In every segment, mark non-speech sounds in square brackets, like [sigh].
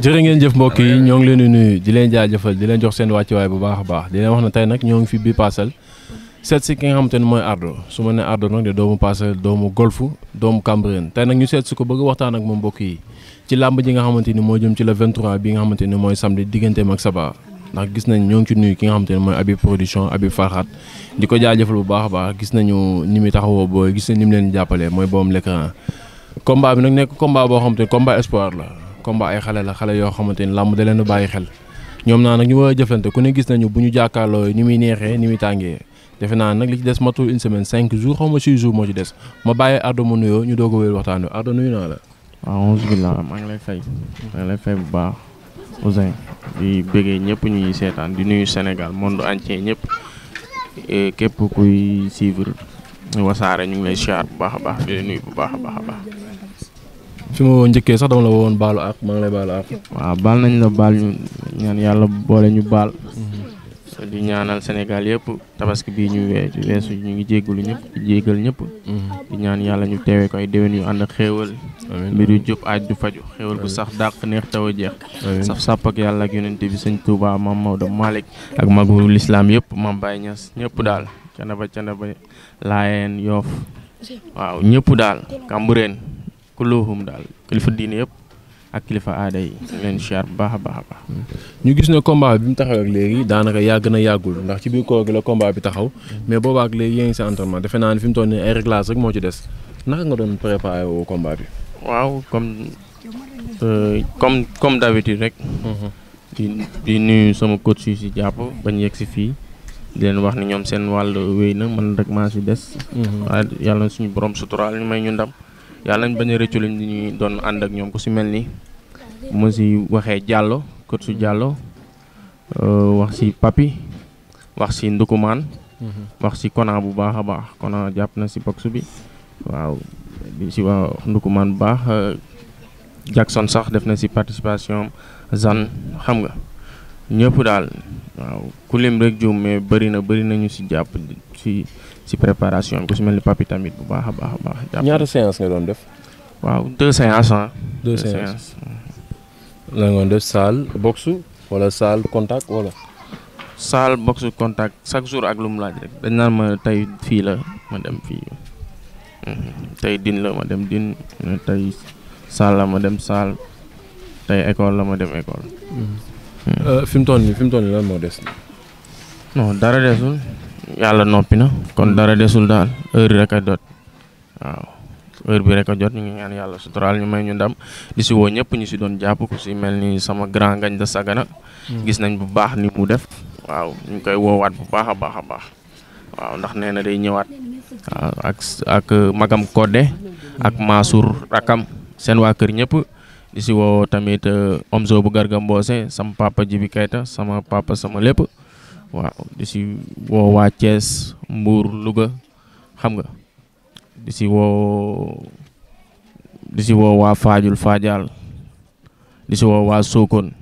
jërë ngeen jëf mbokk yi ñoo ngi leen di nuyu di leen jaajëfal di leen jox seen wàccuwaay bu baax a baax di leen wax na tey nag ñoo ngi fi bi paasal seet si ki nga xamante ne mooy Ardo su ma nee Ardo nag de doomu paasal doomu golf doomu Cambérène tey nag ñu seet si ko bëgg waxtaan ak moom mbokk yi ci làmb ji nga xamante ni moo jëm ci la le 23 bi nga xamante ni mooy samedi digganteem ak Saba ndax gis nañ ñoo ngi ci nuyu ki nga xamante ne mooy Habib production Habib Farhat di ko jaajëfal bu baax a baax gis nañu ni muy taxawoo booy gis nañ ni leen jàppalee mooy boom l'écran combat bi nag nekk combat boo xamante ne combat espoir la combat ay xale la xale yoo xamante ni làmb da leen bàyyi xel ñoom naa nag ñu war a jëflante ku ne gis nañu bu ñu jàkkaarloo ni muy neexee ni muy tàngee defe naa nag li ci des matul une semaine cinq jours xaw ma six jours moo ci des ma bàyyi Ardo ma nuyoo ñu doog a wéyal waxtaan wi Ardo nuyu naa la. waaw alhamdulilah maa ngi lay fay maa ngi lay fay bu baax Ouzin di bëggee ñëpp ñu ñuy seetaan di nuyu Sénégal monde entier ñëpp e, képp kuy suivre wasaare ñu ngi lay siyaar bu baax a baax di a baax a baax. fi ma njëkkee sax dama la woon baalu ak maa ngi nañ la baal ñu ñaan boole ñu baal. Mm-hmm. ñaanal Sénégal yëpp tabaski bii ñu ñu ngi jéggalu ñëpp di jéggal ñëpp. Mm-hmm. ñu teewee ko ay déwén yu ànd ak sax dàq neex taw jeex. saf sàpp yàlla ak yonente bi sëñ Touba ak magu lislaam yëpp maam Baye Niass ñëpp daal. canaba canaba laayeen yoof waaw ñëpp daal Kambureen. kulluhum daal kilifa diine yëpp ak kilifa aada yi mm. leen siyaar baax a baax a baax. Mm. ñu gis ne combat bi mu taxaw ak léegi daanaka yàgg na yàggul ndax ci biir koor gi la combat bi taxaw mm. mais boobaa ak léegi yéen ngi sa entraînement defe naa ne fi mu moo ci des naka nga doon préparé woo combat bi. waaw comme euh, comme comme d'habitude rek. Mm-hmm. di di nuyu sama coach yi si jàpp bañ yegg si fii di leen wax ni ñoom seen wàll wéy na man rek maa si des. Mm-hmm. yàlla suñu borom suturaal may ñu ndam. yàlla nañ bañ a rëccu lañ ñuy doon ànd ak ñoom ku si mel ni mu si waxee jàllo kër su Diallo euh, wax si Papi wax si Ndukumaan mm-hmm. wax si Kona bu baax a baax Kona jàpp na si box bi waaw di si wax Ndukumaan bu baax Jackson sax def na si participation Zane xam nga ñëpp daal waaw ku lim rek juum mais bëri na bëri nañu si jàpp si si préparation bi ku si mel ni papi tamit bu baax a baax a baax. ñaata séance nga doon def. waaw deux séances ah. deux séances la nga doon def salle boxe wala salle contact wala. salle boxe contact chaque jour ak lu mu laaj rek dañ naan ma tey fii la ma dem fii mhm. tey din la ma dem din tey salle la ma dem salle tey école la ma dem école. Mhm. Mhm. Euh, fi mu toll nii fi mu toll nii lan moo des. non dara desul. yàlla noppi kon hmm. dara desul daal heure rek a jot waaw heure bi rek a jot ñu ngi ñaan yàlla suturaal ñu may ñu ndam di si woo ñëpp ñu si doon jàpp ku si mel ni sama grand ngañ da sagana hmm. gis nañ bu baax ni mu def waaw ñu koy woowaat bu baax a baax a baax waaw ndax nee na day ñëwaat waaw ak ak euh, magam Codé ak Mansour rakam seen waa kër ñëpp di si woo tamit euh, Omzo bu Garga Mbossé sama papa Jibi Kayta sama papa sama lépp waaw di si woo waa Thiès Mbour Louga xam nga di si woo di si woo waa Faajul Faajaal di si woo waa Sokone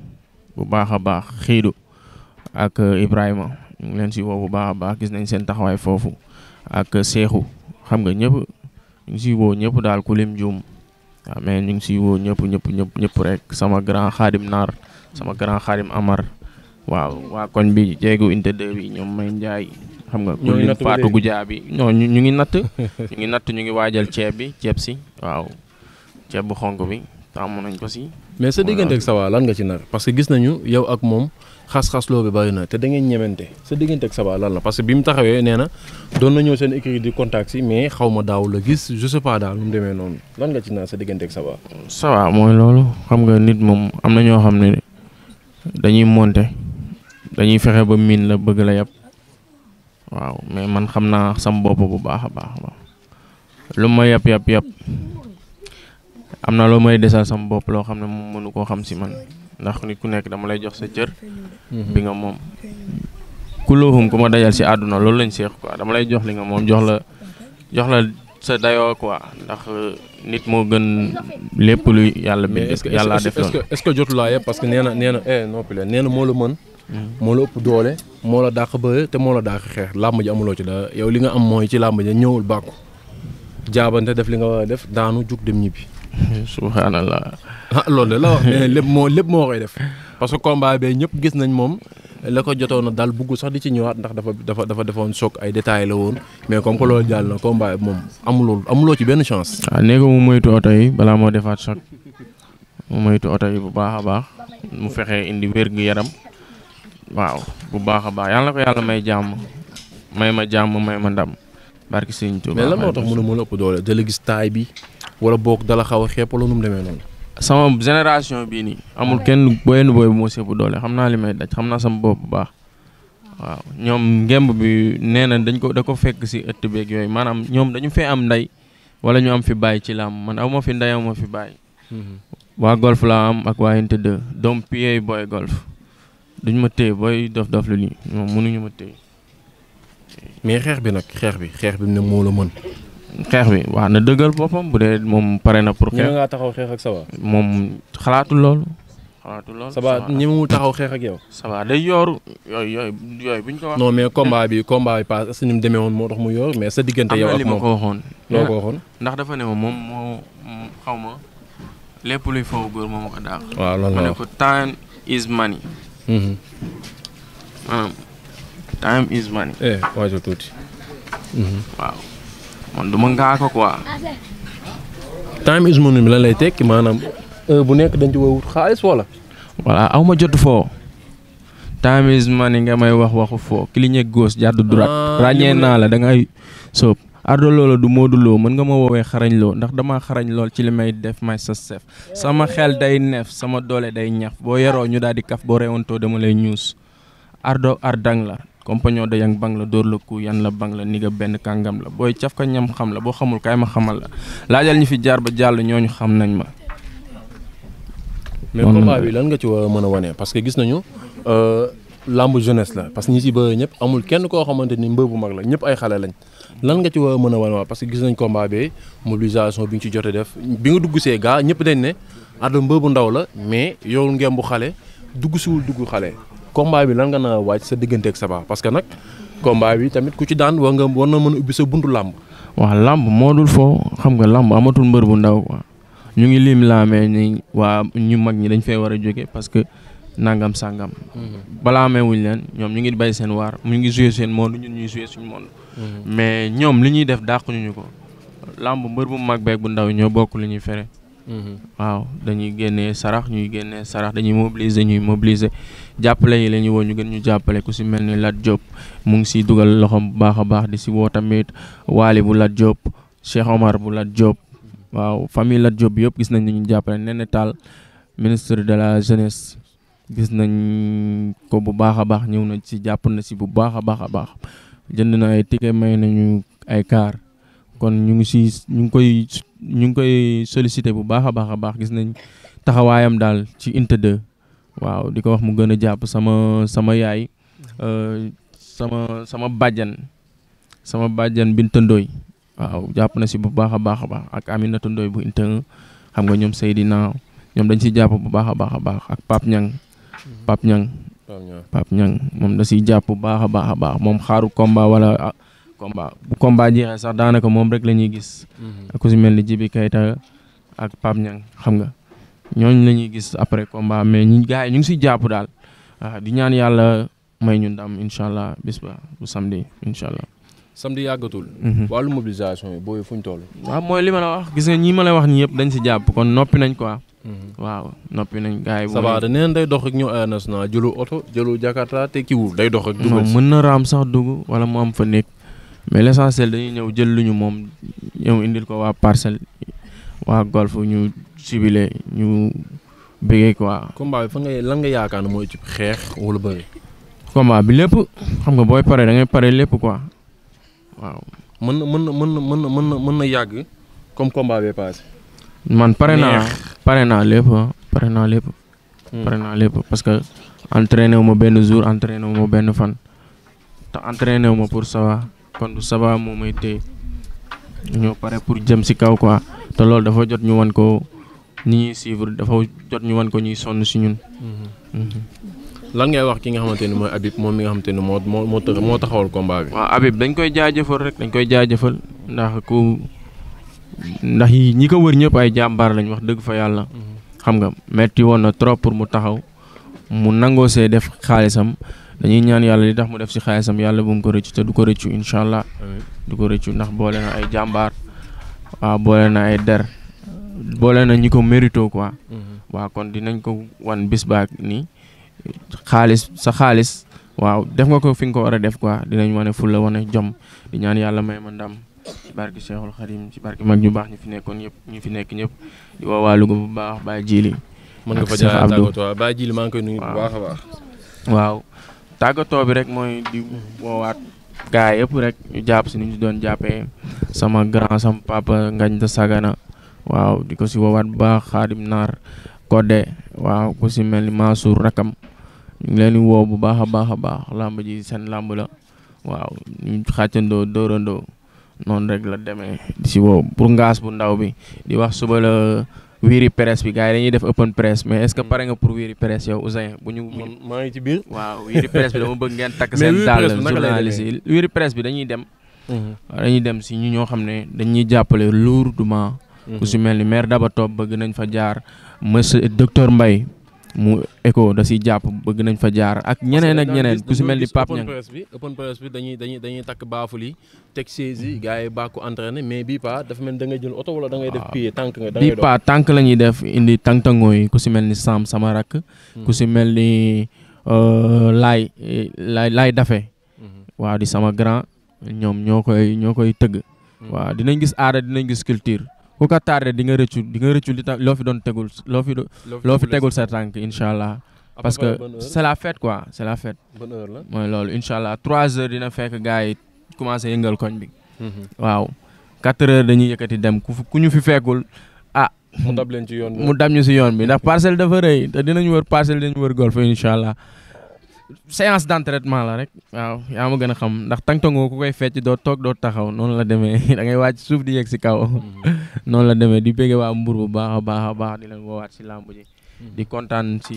bu baax a baax xiidu ak eh, Ibrahima ñu ngi si woo bu baax a baax gis nañ seen taxawaay foofu ak Seexu eh, xam nga ñëpp ñu ngi si woo ñëpp daal ku lim juum mais ñu ngi si woo ñëpp ñëpp ñëpp ñëpp rek sama grand xaadim naar sama grand xaadim Amar. waaw waa koñ bi jeegu inte deux bi ñoom may njaay xam nga ñoo ngi natt faatu gu jaa bi non ñu ngi natt ñu ngi natt ñu ngi waajal ceeb bi ceeb si waaw ceeb bu xonk bi tàmm nañ ko si. mais sa diggante ak Sawa lan ci nar parce que gis nañu yow ak moom xas bi bari na te da ngeen ñemente sa diggante ak Sawa lan la parce que bi mu taxawee nee na doon na ñëw seen écrit di contact si mais xaw ma daaw la gis je sais pas daal lu mu demee noonu lan nga ci nar sa diggante ak Sawa. Sawa mooy loolu xam nga nit moom am na ñoo xam ne dañuy monter dañuy fexe ba miin la bëgg la yàpp waaw mais man xam naa sam bopp bu baax a baax lu ma yàpp yàpp yàpp am na loo may desal sam bopp loo xam ne moom mënu koo xam si man ndax nit ku nekk dama lay jox sa cër. Mhm. bi nga moom. ku looxum ku ma dajal si àdduna loolu lañ seex quoi dama lay jox li nga moom jox la jox la sa dayoo quoi ndax euh, nit moo gën lépp lu yàlla bind. yàlla def loolu est parce que eh, nee na moo la mën. moo la ëpp doole moo la dàq bëre te moo dàq xeex làmb ji ci dara yow li nga am mooy ci làmb ji ñëwul bàkku jaabante def li nga war def daanu jug dem ñibbi. subhanallah. ah loolu la wax nee lépp moo lépp moo koy def parce que combat bee ñëpp gis nañ moom la ko jotoon a daal bugg sax di ci ñëwaat ndax dafa dafa dafa defoon choc ay détails la woon mais comme que loolu jàll na combat moom amuloo amuloo ci benn chance. waaw nee ko mu moytu oto yi balaa moo defaat choc mu moytu oto yi bu baax a baax mu fexe indi wér gu yaram. waaw bu baax a baax yàlla la ko yàlla may jàmm may ma jàmm may ma ndam barki sëñ Tuubaa. mais lan moo tax mu ma la ëpp doole da la gis taay bi wala boog dala xaw a xepp lu mu demee noonu. sama génération bii nii amul kenn benn booy bu moo si ëpp doole xam naa li may daj xam naa sama bopp bu baax. waaw ñoom ngemb bi nee na dañ ko da ko fekk si ëtt beeg yooyu maanaam ñoom dañu fee am nday wala ñu am fi bàyyi ci làmb man aw ma fi nday aw fi bàyyi. Mhm. waa golf laa am ak waa Inte 2 duñ ma téye booy dof-dof la nii moom mënuñu ma téye. mais xeex bi nag xeex bi xeex bi ne moo la mën. xeex bi waa na dëggal boppam bu dee moom pare na pour. xeex ñeme ngaa taxaw xeex ak Saba. moom xalaatul loolu. xalaatul loolu Saba ñemewul taxaw xeex ak yow. Saba day yooru yooyu yooyu buñ ko wax. non mais combat bi combat bi paase si mu demee woon moo tax mu yor mais sa diggante yow ak moom ko waxoon. loo ko ndax dafa moom moo xaw ma lépp luy faw góor moom moo ko daax. waaw loolu ma ne ko time is money. maanaam mm-hmm. um, time is money. tuuti. waaw man du ngaa ko quoi. time is money bi lan lay tekki maanaam eh, bu nekk dañ ci wut xaalis wala. voilà aw ma jot foo. time is money nga may wax waxu foo clinique gauche jàddu droite ah, ràññee naa la dangay soob. Ardo Lo la du Modou Lo mën nga ma woowee xarañ loo ndax dama xarañ lool ci li may def may sa sama xel day neef sama doole day ñax boo yaroo ñu daal di kaf boo reewantoo dama lay ñuus Ardo Ardang la compagnon de yang bang la door la ku yan la bang la ni nga benn kàngam la booy caf ka ñam xam la boo xamul kay ma xamal la laajal ñu fi jaar ba jàll ñu xam nañ ma. mais combat bi lan nga ci war mën a wane parce que gis nañu euh, làmb jeunesse la parce que ñi ci bëri ñëpp amul kenn koo xamante ni mbër bu mag la ñëpp ay xale lañ. lan nga ci war a mën a wan parce que gis nañ combat bi mobilisation bi ñu jotee def bi nga dugg see gaa ñëpp dañ ne Ada bu ndaw la mais yow ngeen xale dugg siwul dugg xale combat bi lan nga na waaj sa diggante ak Saba parce que nag combat bi tamit ku ci daan war nga war na mën a ubbi sa buntu làmb. waaw làmb moo dul foo xam nga làmb amatul mbër bu ndaw quoi ñu ngi lim laamee ni waa ñu mag ñi dañ fee war a jóge parce que nangam sàngam. Mhm. balaa amee wuñ leen ñoom ñu ngi bay seen waar mu ngi joué seen monde ñun ñu joué suñu monde. Mm-hmm. mais ñoom li ñuy def dàq ñu ko. làmb mbër mu mag beeg bu ndaw ñoo bokk li ñuy fere. Mm-hmm. waaw dañuy génne sarax ñuy génnee sarax dañuy mobiliser ñuy mobiliser jàppale yi la ñuy ñu gën ñu jàppale ku si mel ni Lat Diop mu ngi siy dugal loxoom bu baax a baax di si woo tamit Waly bu Lat Diop Omar bu Lat Diop. Mm-hmm. waaw famille Lat Diop yëpp gis nañ ni ñu jàppale Néné taal ministre de la jeunesse gis nañ ko bu baax a baax ñëw na si jàpp na si bu baax a baax a baax. jënd na ay ticket may nañu ay car kon ñu ngi si ñu ngi koy ñu ngi koy sollicité bu baax a baax a baax gis nañ taxawaayam daal ci inte 2 waaw di ko wax mu gën a jàpp sama sama yaay euh, sama sama bàjjan sama bàjjan Binta Ndoy waaw jàpp na si bu baax a baax a baax ak Aminata tëndooy bu inte 1 xam nga ñoom Seydina ñoom dañ si jàpp bu baax a baax a baax ak Pape Ñang Pape Ñang Pape Niang moom da siy jàpp bu baax a baax a baax moom xaaru combat wala ah, combat bu combat jeexee sax daanaka moom rek la ñuy gis. Mhm. ku si mel ni Jibi Kayta ak Pape Niang xam nga ñooñu la gis après combat mais ñi yi ñu ngi siy jàpp daal ah, di ñaan yàlla may ñun ndam incha allah bis ba bu samedi incha allah. samedi yàggatul. Mhm. wàllu mobilisation yi booy fu ñu toll. waaw mooy li wax gis nga ñi ma la wax nii yëpp dañ si jàpp kon noppi nañ quoi. waaw noppi nañ gars yi. Sabaada neen day dox ak ñu Air National jëlu oto jëlu Jakarta te kiiwul day dox ak. mën na raam sax dugg wala mu am fa nekk mais l' essentiel dañuy ñëw jël lu ñu moom ñëw indil ko waa parcelle waa golf ñu sibile ñu bëggee ko combat bi nga lan yaakaar ne mooy ci xeex wala bëri. combat bi lépp xam nga booy pare da ngay pare lépp quoi waaw. mën na mën na mën na mën na mën na yàgg comme combat bee passé. man pare naa pare naa lépp ah. pare naa lépp. Hmm. pare naa lépp parce que entraîné wu ma benn jour entraîné wu ma benn fan te entraîné wu ma pour sawa kon du sawa moo may téye ñoo pare pour jëm si kaw quoi te loolu dafa jot ñu wan ko ñi ñuy suivre dafa jot ñu wan ko ñuy sonn si ñun. Hmm. Mhm. lan ngay wax ki nga xamante ni mooy Habib moom mi nga xamante ni moo moo moo taxawal combat bi. waaw Habib dañ koy jaajëfal rek dañ koy jaajëfal ndax ku. ndax ñi ko wër ñëpp ay jàmbaar lañ wax dëgg fa yàlla. xam nga metti woon na trop pour mu taxaw mu nangoo see def xaalisam dañuy ñaan yàlla li tax mu def si xaalisam yàlla bu mu ko rëccu te du ko rëccu incha allah. du ko rëccu ndax boole na ay jàmbaar waaw boole na ay der boole na ñi ko mérito quoi. Mm-hmm. waaw kon dinañ ko wan bis baak nii xaalis sa xaalis waaw def nga ko fi nga ko war a def quoi dinañ wane fulla wane jom di ñaan yàlla may ma ndam. ci barke Cheikhul Khadim ci barke mag ñu baax ñu fi nekkoon yëpp ñu fi nekk ñëpp di woo waa bu baax Baye Djili. mën nga fa jaay tàggatoo Baye Djili maa ngi koy nuyu bu baax baax. waaw tàggatoo bi rek mooy di woowaat gaa yëpp rek ñu jàpp si ni ñu doon jàppee sama grand sama papa Ngañ da Sagana waaw di ko si woowaat bu baax Khadim Naar Kodé waaw ko si mel ni Mansour Rakam ñu ngi leen di woo bu baax a baax a baax làmb ji seen làmb la waaw ñu xàccandoo dóorandoo. noonu rek la demee si wow pour ngaas bu ndaw bi di wax suba la wiiri presse bi gars yi dañuy def open presse mais est-ce que pare nga pour wiiri presse yow Ouzin bu ñu. man maa ngi ci biir. waaw wiiri presse bi dama bëgg ngeen takk [laughs] seen dàll journaliste yi wiiri presse bi dañuy dem. Mhm. dañuy dem si ñu ñoo xam ne dañuy jàppale lourdement. Mhm. ku si mel ni maire Daba Top bëgg nañ fa jaar monsieur docteur mbay mu écho da si jàpp bëgg nañ fa jaar ak ñeneen ak ñeneen ku si mel ni Pape Niang open press bi dañuy dañuy dañuy takk baaful yi teg chaise yi gars yi bàkku mais bii paa dafa mel da ngay jël oto wala da def pied tànk nga da ngay bii paa tànk la def indi tàntangoo yi ku si mel ni Sam sama rakk hmm. ku si mel ni euh, laay laay laay dafe hmm. waa di sama grand ñoom ñoo koy ñoo koy tëgg hmm. waaw dinañ gis aada dinañ gis culture ku ko tardé di nga rëccu loo fi doon tegul loo fi loo fi tegul sa tànk incha allah. parce que c' est la fête quoi mooy loolu incha allah 3 heures dina fekk gars yi commencé yëngal koñ bi. Mm-hmm. waaw 4 heures dañuy yëkkati dem ku ñu fi fekkul ah. mu dab leen yoon mu dab ñu si yoon bi ndax parcelle dafa rëy te dinañ wër parcelle dinañ wër golf incha allah. séance d'entraînement la rek waaw yaa ma gën a xam ndax tàng-tàngoo ku koy fecc doo toog doo taxaw noonu la demee [laughs] da ngay wàcc suuf di yegg si kaw mm-hmm. [laughs] noonu la demee di béggee waa Mbour bu baax a baax a baax di leen woowaat si làmb ji mm-hmm. di kontaan si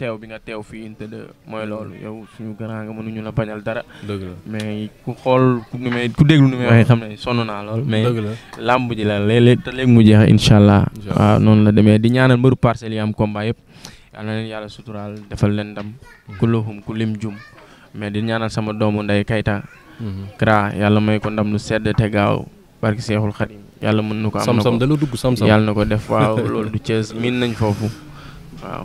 teew bi nga teew fii inte de mooy mm-hmm. loolu yow suñu grand nga mënuñu la bañal dara dëgg la mais ku xool ku nu may ku déglu nu xam ne sonn naa lool mais làmb ji la léeg-léeg te léegi mu jeex incha allah waaw noonu la demee di ñaanal mbaru parcelle yi am combat yëpp yal yàlla suturaal defal leen ndam ku loxum ku lim jum mais di ñaanal sama doomu nday Kayta mhm. Kra yàlla may ko ndam lu sedd te gaaw barki Seexul Xadim yàlla mën na ko am na ko da la dugg sam sam yàlla na ko def waaw loolu du Thiès miin nañ foofu waaw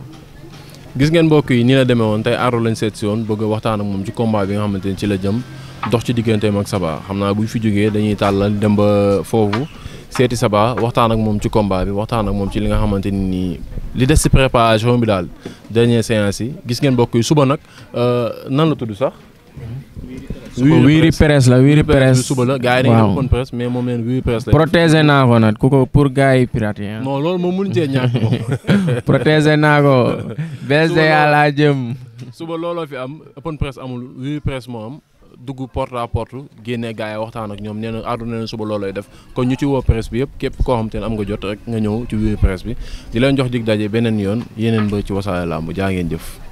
gis ngeen mbokk yi nii la demee woon tey Ardo lañ seet si woon bëgg a waxtaan ak moom ci combat bi nga xamante ni ci la jëm dox ci digganteem ak Saba xam naa buñ fi jógee dañuy tàllal dem ba foofu seeti Saba waxtaan ak moom ci combat bi waxtaan ak moom ci li nga xamante ni li des si préparation bi daal dernière séance yi gis ngeen mbokk yi suba nag euh, nan la tudd sax. wiiri presse la wiiri presse suba la gars yi dañuy open presse mais moom leen wiiri presse la. protéger naa ko nag ku ko pour gars yi pirate yi non loolu moom mënu cee ñàkk moom. [laughs] protéger naa ko. suba laa jëm. suba looloo fi am open presse amul wiiri presse moo am. dugg porte à porte génnee gars yi waxtaan ak ñoom nee na àdduna ne suba loolooy def ko ñu ci woo presse bi yëpp képp koo xam te am nga jot rek nga ñëw ci wuyu presse bi di leen jox dig daje beneen yoon yeneen ba ci wasaare làmb jaa ngeen jëf